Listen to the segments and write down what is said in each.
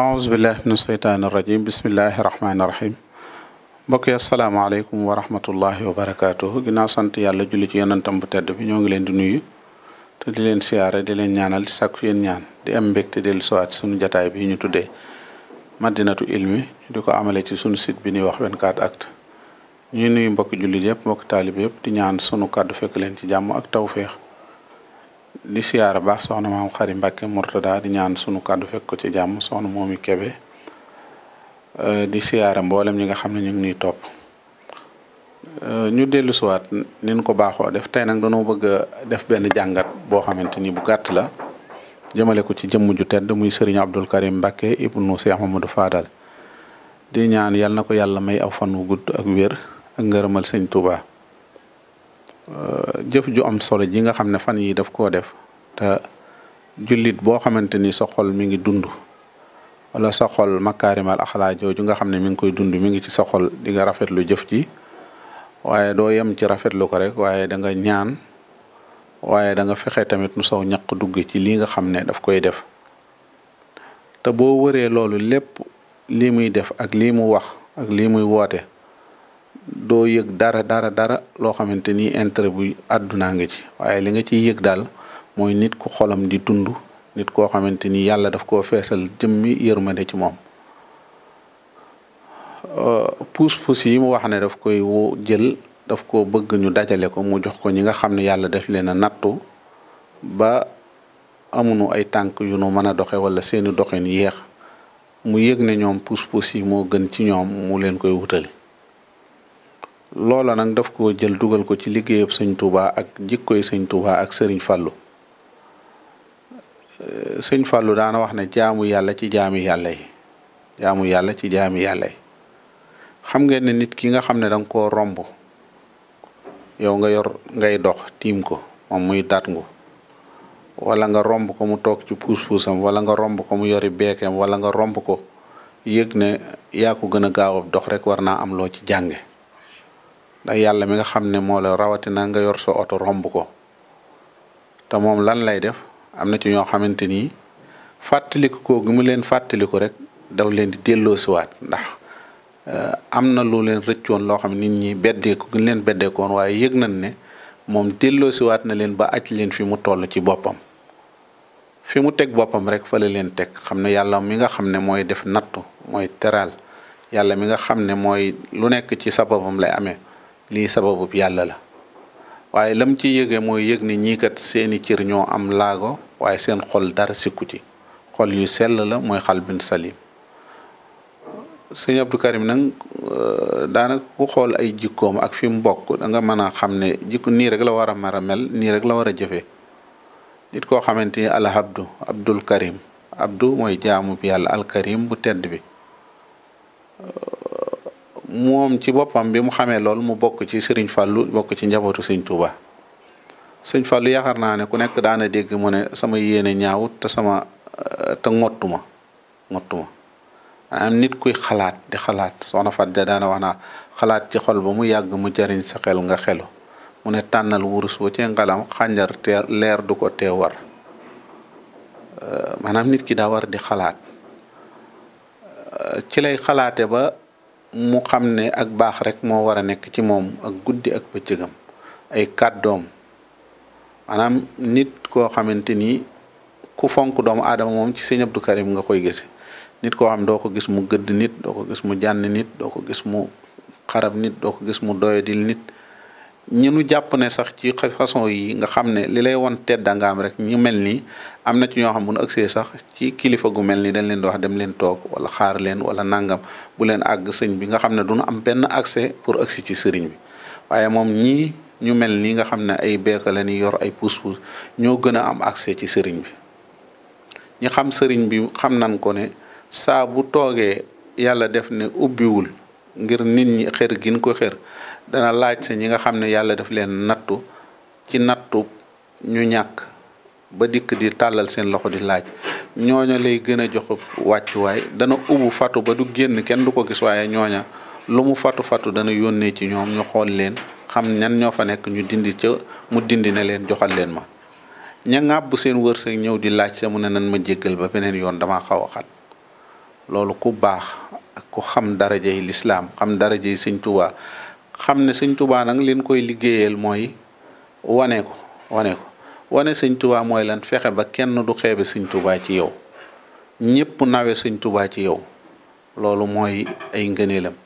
aousubillahi min asheytaani irajim bismillahi irahmaaniirahim mbokk yi asalaamaaleykum wa rahmatullahi wa barakatuhu ginnaaw sant yàlla julli ci yonentam bu bi ñoo ngi leen di nuyu te di leen siyaare di leen ñaanal di sàkku yéen ñaan di am mbégte dellu siwaat suñu jataay bi ñu tudde madinatu ilmi di ko amale ci suñu sit bi ñuy wax 24actu ñuy nuyu mbokki jullit yëpp mbokki taalib yëpp di ñaan sunu kàddu fekk leen ci jàmm ak tawféex di siyaara soxna maam xari Mbàkke Murtada di ñaan sunu kàddu fekk ko ci jàmm soxna moomi Kebe euh, di siyaara mboolem ñi nga xam ne ñu ngi ñuy topp euh, ñu dellu siwaat nin ko baaxoo def tey nag dañoo bëgg a def benn jàngat boo xamante ni bu gàtt la jëmale ko ci jëmm ju tedd muy sëriñ Abdul Karim Mbàkke ibnu Cheikh Mamadou Fadal di ñaan yal na ko yàlla may aw fan wu gudd ak wér ak ngërëmal sëñ Touba euh, jëf ju am solo ji nga xam ne fan yi daf koo def te jullit boo xamante ni sa mi ngi dund wala soxol xol makaarimal axlaa jooju nga xam ne mi ngi koy dund mi ngi ci sa xol di nga rafetlu jëf ji waaye doo yem ci rafetlu ko rek waaye danga ñaan waaye danga fexe tamit nu saw ñaq dugg ci lii nga xam ne daf koy def te boo wëree loolu lépp lii muy def ak lii mu wax ak lii muy woote doo yëg dara dara dara loo xamante ni intérêt bu àddunaa nga ci waaye li nga ciy yëg daal mooy nit ku xolam di tund nit koo xamante ni yàlla daf koo feesal jëmmi yërmande ci moom puus-puus euh, yi mu wax ne daf koy woo jël daf ko bëgg ñu dajale ko mu jox ko ñi nga xam ne yàlla def leen a nattu ba amuñu ay tànk yu nu mën a doxe wala seeni doxin yéex mu yëg ne ñoom puus-puus yi moo gën ci ñoom mu leen koy wutali loola nag def ko jël dugal ko ci liggéeyab sëñ Touba ak jikkoy sëñ Touba ak sëriñ fallu eh, sëñ Fallou daana wax ne jaamu yàlla ci jaami yàlla yi yàlla ci jaami yàlla xam ngeen ne nit ki nga xam ne danga koo romb yow nga yor ngay dox tiim ko moom muy dat ngu wala nga romb ko mu toog ci puus-puusam wala nga romb ko mu yori beekem wala nga romb ko yëg ne yaa ko gën a gaaw dox rek war naa am loo ci jànge ndax yàlla mi nga xam ne moo la rawatina nga yor sa oto romb ko te moom lan lay def am na ci ñoo xamante ni fàttaliku ko gi mu leen fàttaliku rek daw leen di siwaat ndax eh, am na lu leen rëccoon loo xam nit ñi beddeeku gi leen beddeekoon waaye yëg nañ ne moom siwaat na leen ba aj leen fi mu toll ci boppam. fi mu teg boppam rek fa la leen teg xam ne yàlla mi nga xam ne mooy def nattu mooy teraal yàlla mi nga xam ne mooy lu nekk ci sababam lay amee. lii sababub yàlla la waaye lam ci yëge mooy yëg ni ñii seeni cër ñoo am laago waaye seen xol dara sikku ci xol yu sell la mooy xalbin salim sëñ Abdou Karim nag euh, daanaka ku xool ay jikkoom ak fi mu bokk da mën a xam ne jikko nii rek la war a mar a mel nii rek la war a jëfee nit koo xamante ni alhabdu abdul karim abdu mooy jaamu yàlla alkarim bu tedd bi moom ci boppam bi mu xamee lool mu bokk ci Serigne Fallou bokk ci njabootu Serigne Touba Serigne Fallou yaakaar naa ne ku nekk daana dégg mu ne sama yéene ñaaw te sama euh, te ngottuma ngottuma nit kuy xalaat di xalaat soxna Fatou Dia daana wax naa xalaat ci xol ba mu yàgg mu jariñ sa nga xelu mu ne tànnal wurus wa cee ngalam xànjar te leer du ko tee war euh, maanaam nit ki daa war di xalaat euh, ci lay xalaate ba. mu xam ne ak baax rek moo war a nekk ci moom ak guddi ak pëccëgam ay kàddoom maanaam nit koo xamante ni ku fonk doom aadama moom ci sëñ Abdou Karim nga koy gis nit koo xam doo ko gis mu gëdd nit doo gis mu jànn nit doo ko gis mu xarab nit doo ko gis mu doyadil nit ñi nu jàpp ne sax ci façon yi nga xam ne li lay won teddangaam rek ñu mel nii am na ci ñoo xam bu nu ëgsee sax ci kilifa gu mel ni dañ leen di wax dem leen toog wala xaar leen wala nangam bu leen àgg sëñ bi nga xam ne du am benn accès pour ëgsi ci sëriñ bi waaye moom ñii ñu mel nii nga xam ne ay beeka la ñuy yor ay puus-puus ñoo gën a am accès ci sëriñ bi ñi xam sëriñ bi xam nan ko ne saa bu toogee yàlla def ne ubbiwul ngir nit ñi xër gin ko xër dana laaj sa ñi nga xam ne yàlla def leen nattu ci nattu ñu ñàkk ba dikk di tàllal seen loxo di laaj ñooña lay gën a jox wàccuwaay dana ubu fatu ba du génn kenn du ko gis waaye ñooña lu mu fatu fatu dana yónnee ci ñoom ñu xool leen xam nan ñoo fa nekk ñu dindi ca mu dindi ne leen joxal leen ma ña ngàbb seen wër wërsëg ñëw di laaj sa mu ne nan ma jéggal ba beneen yoon dama xaw a xat loolu ku baax ak ku xam daraja yi lislaam xam daraja yi sëñ tubaa xam ne sëñ tubaa nag leen koy liggéeyal mooy wane ko wane ko wane sëñ tubaa mooy lan fexe ba kenn du xeebe sëñ tubaa ci yow ñépp nawe sëñ tubaa ci yow loolu mooy ay ngëneelam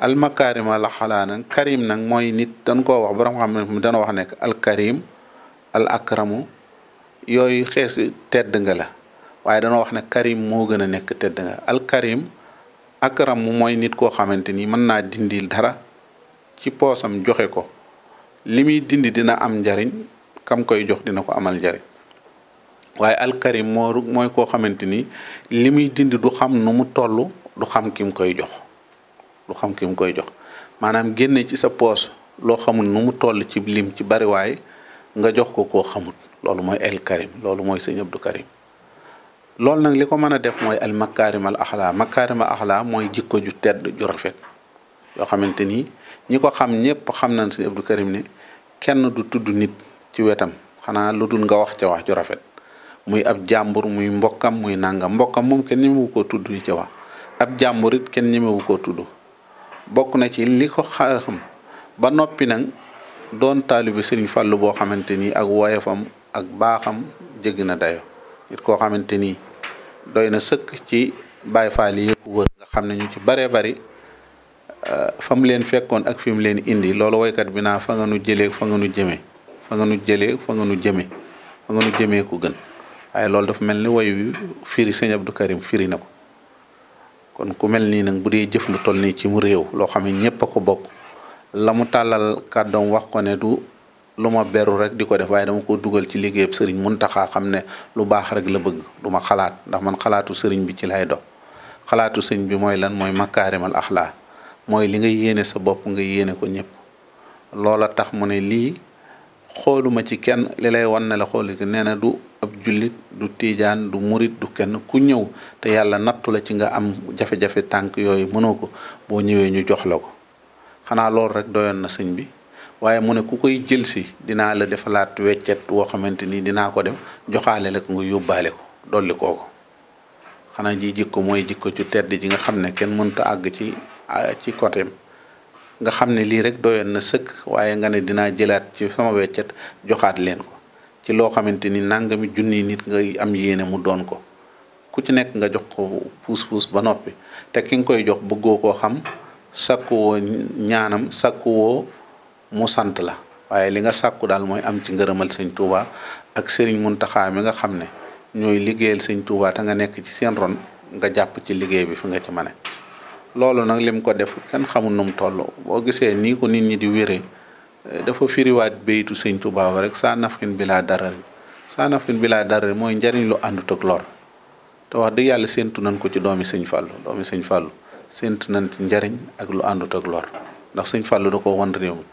almakarima la xalaa nag karim nag mooy nit dañ koo wax borom xam ne wax nekk alkarim al akramu yooyu xeesu tedd nga la waaye dana wax ne karim moo gën a nekk tedd nga mooy nit koo xamante ni mën naa dindi dara ci poosam joxe ko li dindi dina am njariñ kam koy jox dina ko amal njariñ waaye alkarim moo mooy koo xamante ni li muy dindi du xam nu mu toll du xam ki koy jox du xam ki mu koy jox maanaam génne ci sa poos loo xamul nu mu toll ci lim ci bariwaay nga jox ko ko xamul loolu mooy alkarim loolu mooy sëñ Abdou Karim loolu nag li ko mën a def mooy al makaarim al axlaa mooy jikko ju tedd ju rafet yoo xamante ni ñi ko xam ñépp xam nañ sëñ Abdou Karim ne kenn du tudd nit ci wetam xanaa lu dul nga wax ca wax ju rafet muy ab jàmbur muy mbokkam muy nanga mbokkam moom kenn ñemewu ko tudd ci wax ab jàmbur it kenn ñemewu koo tudd bokk na ci li ko xam ba noppi nag doon taalibe Sëriñ Fàllu boo xamante ni ak woyefam ak baaxam jégg na dayo it koo xamante ni doy na sëkk ci Baay Faal yi yëpp wër nga xam ne ñu ci baree bari euh, fa mu leen fekkoon ak fi mu leen indi loolu woykat bi naa fa nga nu jëlee fa nga nu jëmee fa nga nu jëlee fa nga nu jëmee fa nga nu jëmee ko gën waaye loolu dafa mel ni woy wi firi sëñ Abdou Karim firi na ko kon ku mel nii nag bu dee jëf lu toll nii ci mu réew loo xam ne ñëpp ko bokk la mu tàllal kàddoom wax ko ne du lu ma beru rek di ko def waaye dama ko dugal ci liggéeyab sëriñ Muntaxa xam ne lu baax rek la bëgg du ma xalaat ndax man xalaatu sëriñ bi ci lay dox xalaatu sëriñ bi mooy lan mooy makaarimal axlaa mooy li nga yéene sa bopp nga yéene ko ñëpp tax mu ne lii xooluma ci kenn li lay wan ne la xooli nee na du ab jullit du tiijaan du murit du kenn ku ñëw te yàlla nattu la ci nga am jafe-jafe tànk yooyu mënoo ko boo ñëwee ñu jox la ko xanaa loolu rek doyoon na sëñ bi waaye mu ne ku koy jël si dinaa la defalaat weccet woo xamante ni dinaa ko dem joxaale la ko nga yóbbaale ko dolli kooku xanaa ji jikko mooy jikko ju tedd ji nga xam ne kenn mënta àgg ci ci côté nga xam ne lii rek doyoon na sëkk waaye nga ne dinaa jëlaat ci sama weccet joxaat leen ko ci loo xamante ni nangami junni nit nga am yéene mu doon ko ku ci nekk nga jox ko puus puus ba noppi te ki nga koy jox bëggoo koo xam sakku woo ñaanam sakku woo mu sant la waaye li nga sàkku daal mooy am ci ngërëmal sëñ Touba ak Serigne Mountakha mi nga xam ne ñooy liggéeyal sëñ Touba te nga nekk ci seen ron nga jàpp ci liggéey bi fi nga ci mane loolu nag lim ko def kenn xamul nu mu toll boo gisee nii ko nit ñi di wéree eh, dafa firiwaat béytu sëñ tu ba rek sa nafkin bi laa dara saa nafkin bi laa daral mooy njariñ lu àndut ak lor te wax dëgg yàlla séntu nañ ko ci doomi sëñ Fàllu doomi sëñ fallu séntu nañ ci njariñ ak lu àndut ak lor ndax sëñ Fàllu da ko wan réew mi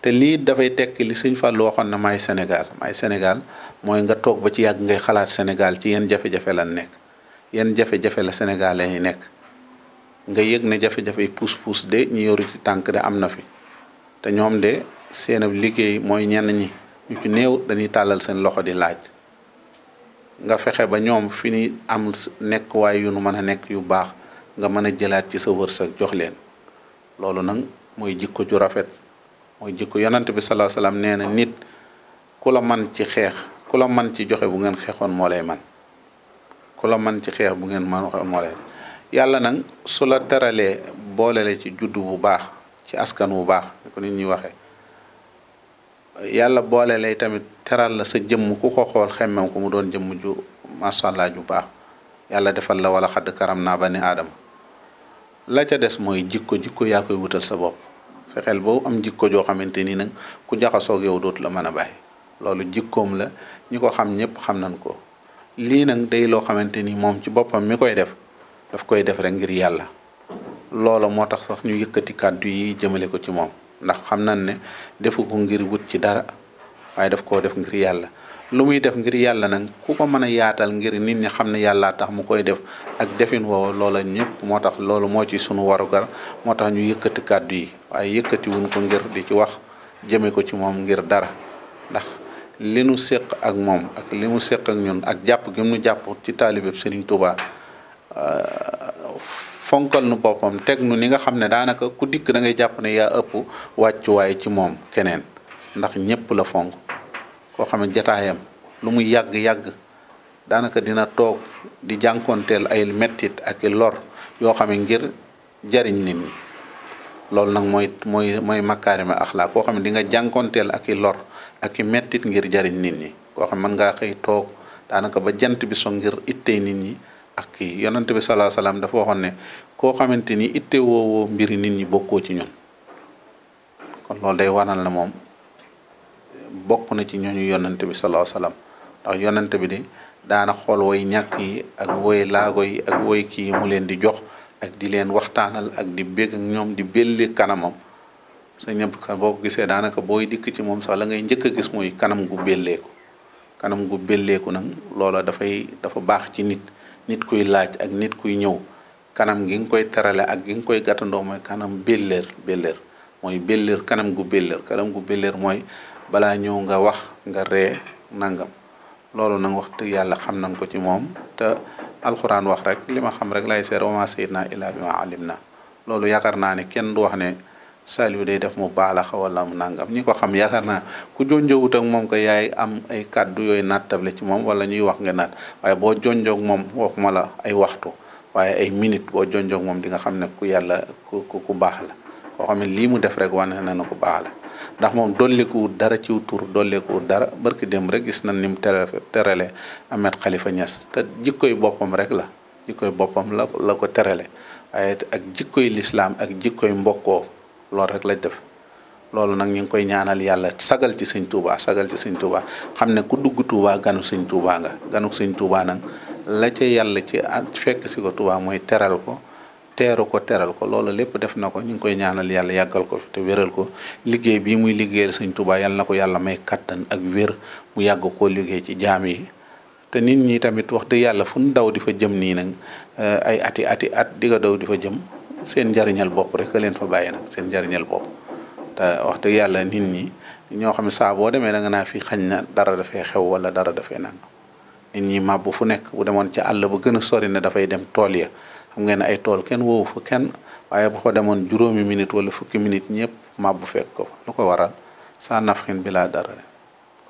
te lii dafay tekki li sëñ Fàllu waxoon na maay Sénégal maay Sénégal mooy nga toog ba ci yàgg ngay xalaat Sénégal ci yenn jafe-jafe nekk yenn jafe-jafe la Sénégal lañuy nekk nga yëg ne jafe-jafe puus-puus de ñu yoru ci tànk de am na fi te ñoom de seen liggéey mooy ñenn ñi ñu ci néew dañuy tàllal seen loxo di laaj nga fexe ba ñoom fi ni am nekk waaye yu nu mën a nekk yu baax nga mën a jëlaat ci sa wër wërsëg jox leen loolu nag mooy jikko ju rafet mooy jikko yonante bi sallallahu alayhi wasallam nee na nit ku la man ci xeex ku la man ci joxe bu ngeen xeexoon moo lay man ku la man ci xeex bu ngeen man moo lay yàlla nag su la teralee boole la ci juddu bu baax ci askan wu baax ni ko waxee yàlla boole lay tamit teral la sa jëmm ku ko xool xemmem ku mu doon jëmm ju macha allah ju baax yàlla defal la wala xadd karam naa ba ne aadama la ca des mooy jikko jikko yaa koy wutal sa bopp fexeel boo am jikko joo xamante ni nag ku jaxasoog yow dootu la mën a bàyyi loolu jikkoom la ñi ko xam ñëpp xam nañ ko lii nag day loo xamante ni moom ci boppam mi koy def daf koy def rek ngir yàlla loola moo tax sax ñu yëkkati kàddu yi jëmale ko ci moom ndax xam na ne defu ko ngir wut ci dara waaye daf koo def ngir yàlla lu muy def ngir yàlla nag ku ko mën a yaatal ngir nit ñi xam ne yàllaa tax mu koy def ak defin woowa loola ñëpp moo tax loolu moo ci sunu warugar moo tax ñu yëkkati kàddu yi waaye yëkkatiwuñ ko ngir di ci wax jëme ko ci moom ngir dara ndax li nu séq ak moom ak li mu séq ak ñun ak jàpp gi mu jàpp ci taalibeb Serigne Touba fonkal nu boppam teg nu ni nga xam ne daanaka ku dikk da ngay jàpp ne yaa ëpp wàccuwaay ci moom keneen ndax ñépp la fonk koo xam ne jataayam lu muy yàgg-yàgg daanaka dina toog di jànkoonteel ay mettit ak lor yoo xam ne ngir jariñ nit ñi loolu nag mooy mooy mooy makkaarima axlaaq koo xam ne di nga jànkoonteel ak i lor ak i mettit ngir jariñ nit ñi koo xam mën ngaa xëy toog daanaka ba jant bi so ngir ittee nit ñi ki kii yonante bi salaa salaam dafa waxoon ne koo xamante ni itte woowoo mbiri nit ñi bokkoo ci ñun kon loolu day waral na moom bokk na ci ñooñu yonante bi salaa salaam ndax yonante bi de daana xool woy ñàkk yi ak woy laago yi ak woy kii mu leen di jox ak di leen waxtaanal ak di bég ñoom di belli kanamam sa ñëpp boo gisee daanaka booy dikk ci moom sax la ngay njëkk a gis muy kanam gu belleeku gu belleeku nag loola dafay dafa baax ci nit nit kuy laaj ak nit kuy ñëw kanam gi nga koy terale ak gi nga koy gàttandoo mooy kanam belleer belleer mooy belleer kanam gu belleer kanam gu belleer mooy balaa ñëw nga wax nga ree nangam loolu nag wax dëgg yàlla xam nañ ko ci moom te alxuraan wax rek li ma xam rek lay seer wa ma sayyidnaa illaa bi ma alim na loolu yaakaar naa ne kenn du wax ne Saliou day def mu baalax wala mu nangam ñi ko xam yaakaar naa ku jonjowut ak moom ko yaay am ay kàddu yooyu nattable ci moom wala ñuy wax nga naat waaye boo jonjoog moom waxuma la ay waxtu waaye ay minute boo jonjoog moom di nga xam ne ku yàlla ku ku baax la koo xam ne lii mu def rek wane na na ku baax la ndax moom dollikuwut dara ci tur dollikuwut dara barki démb rek gis nañ ni mu tere terale Ahmed Khalifa Niass te jikkoy boppam rek la jikkoy boppam la la ko terale waaye ak jikkoy lislaam ak jikkoy mbokkoo loolu rek lañ def loolu nag ñu ngi koy ñaanal yàlla sagal ci sëñ Touba sagal ci sëñ Touba xam ne ku dugg Touba ganu sëñ Touba nga ganu sëñ Touba nag la yàlla ci fekk si ko Touba mooy teral ko teeru ko teral ko loolu lépp def na ko ñu ngi koy ñaanal yàlla yàggal ko fi ko liggéey bii muy liggéeyal sëñ Touba yàlla na ko yàlla may kattan ak wér mu yàgg koo liggéey ci jaam yi te nit ñi tamit wax dëgg yàlla fu ñu daw di fa jëm nii nag eh, ay ati ati at di nga daw di fa jëm seen njariñal bopp rek leen fa bàyyi nag seen njariñal bopp te wax dëgg yàlla nit ñi ñoo xam ne saa boo demee da nga naa fii xañ na dara dafay xew wala dara dafay nang nit ñi màbb fu nekk bu demoon ci àll ba gën a sori ne dafay dem tool ya xam ngeen ay tool kenn woowu fu kenn waaye bu ko demoon juróomi minute wala fukki minute ñëpp màbbu fekk ko fa lu ko waral saa nafxin bi laa dara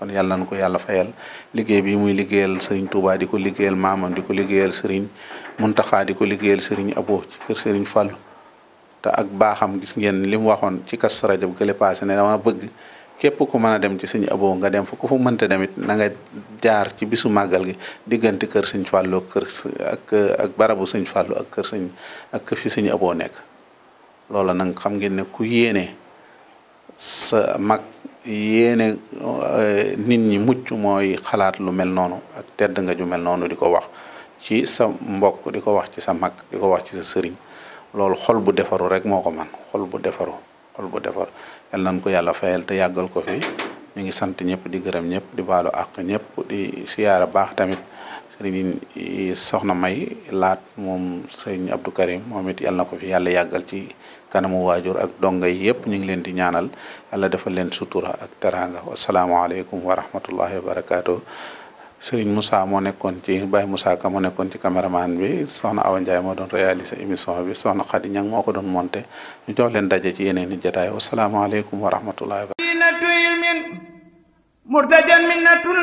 kon yàlla nañ ko yàlla fayal liggéey bi muy liggéeyal sëriñ Touba di ko liggéeyal maamam di ko liggéeyal sëriñ Muntaxa di ko liggéeyal sëriñ Abo ci kër sëriñ Fàllu te ak baaxam gis ngeen li mu waxoon ci kas rajab gële paase ne dama bëgg képp ku mën a dem ci sëñ Abo nga dem fa ku fa mënta demit na nga jaar ci bisu màggal gi diggante kër sëñ Fàllu kër ak barabu sëñ Fàllu ak kër sëñ ak fi sëñ Abo nekk loola nag xam ngeen ne ku yéene mag yéene euh, nit ñi mucc mooy xalaat lu mel noonu ak tedd nga ju mel noonu di ko wax ci sa mbokk di ko wax ci sa mag di ko wax ci sa sëriñ loolu xol bu defaru rek moo ko man xol bu defaru xol bu defaru yal nañ ko yàlla fayal te yàggal ko fi ñu ngi sant ñëpp di gërëm ñëpp di baalu ak ñëpp di siyaara baax tamit sëriñ eh, soxna May laat moom sëriñ Abdou Karim moom it yàlla na ko fi yàlla yàggal ci kanamu waajur ak dong yi yëpp ñu ngi leen di ñaanal ala defal leen sutura ak teraanga wasalaamaaleykum wa rahmatullahi wa barakaatu. sëriñ Moussa moo nekkoon ci Baye Moussa ka moo nekkon ci maan bi soxna Awa Ndiaye moo doon réaliser émission bi soxna Khady Niang moo ko doon monter ñu jox leen daje ci yeneen i jotaay wasalaamaaleykum wa rahmatullahi wa barakaatu. murtajan minnatun